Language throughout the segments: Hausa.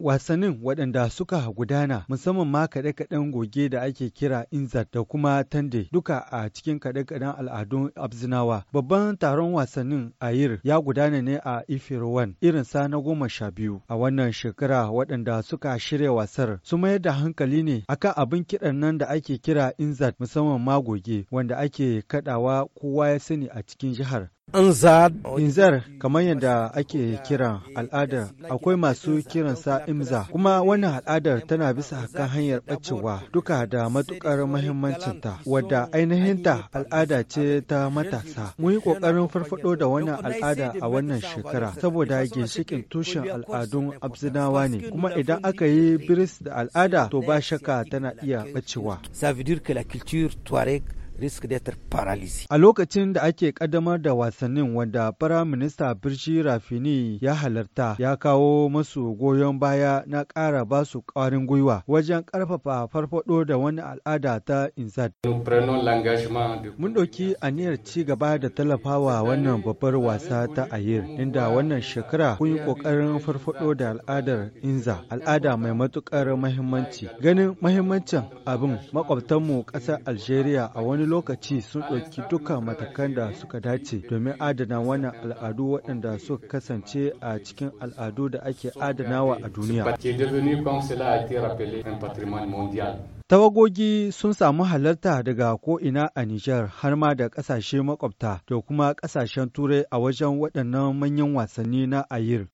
wasannin waɗanda suka gudana musamman ma kaɗe-kaɗen goge da ake kira inzat da kuma tande duka a cikin kaɗe-kaɗen al'adun abzinawa babban taron wasannin ayir ya gudana ne a ifirwan irin sa na goma sha biyu a wannan shekara waɗanda suka shirya wasar su mayar da hankali ne akan abin kiɗan nan da ake kira inzat musamman ma goge wanda ake kaɗawa kowa ya sani a cikin jihar Inzar kamar yadda ake kira al'adar akwai masu kiransa imza kuma wannan al'adar tana bisa kan hanyar bacewa duka da matukar mahimmancinta wadda ainihinta al'ada ce ta matasa. Mun yi kokarin farfado da wannan al'ada a wannan shekara saboda ginshikin tushen al'adun abzinawa ne kuma idan aka yi biris da al'ada to ba shakka tana iya bacewa. risk paralysis. A lokacin da ake kaddamar da wasannin wanda Firaminista Minista Birji Rafini ya halarta ya kawo masu goyon baya na ƙara basu su ƙwarin gwiwa wajen ƙarfafa farfaɗo da wani al'ada ta Insat. Mun ɗauki aniyar ci gaba da tallafawa wannan babbar wasa ta Ayir inda wannan shekara kun yi ƙoƙarin farfado da al'adar Inza al'ada mai matuƙar mahimmanci. Ganin mahimmancin abin makwabtanmu ƙasar Algeria a wani wani lokaci sun ɗauki duka matakan da suka dace domin adana wannan al'adu waɗanda suka kasance a cikin al'adu da ake adanawa a duniya. Tawagogi sun samu halarta daga ko'ina a Nijar har ma da ƙasashe makwabta da kuma ƙasashen Turai a wajen waɗannan manyan wasanni na Ayir.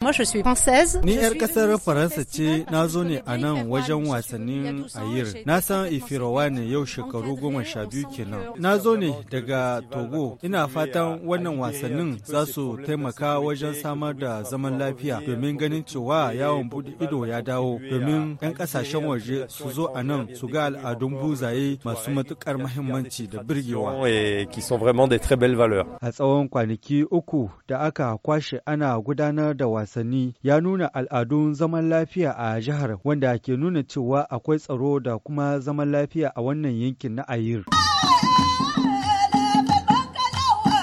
Ni 'yar ƙasar Faransa ce na zo ne a nan wajen wasannin Ayir. Na san Ifirawa ne yau shekaru goma sha biyu kenan. Na zo ne daga Togo. Ina fatan wannan wasannin za su taimaka wajen samar da zaman lafiya domin ganin cewa yawon buɗe ido ya dawo domin 'yan ƙasashen waje su zo a nan su ga al'adun buzaye masu matukar muhimmanci da birgewa. A tsawon kwanaki uku da aka kwashe ana gudanar da wasanni ya nuna al'adun zaman lafiya a jihar wanda ke nuna cewa akwai tsaro da kuma zaman lafiya a wannan yankin na Ayir.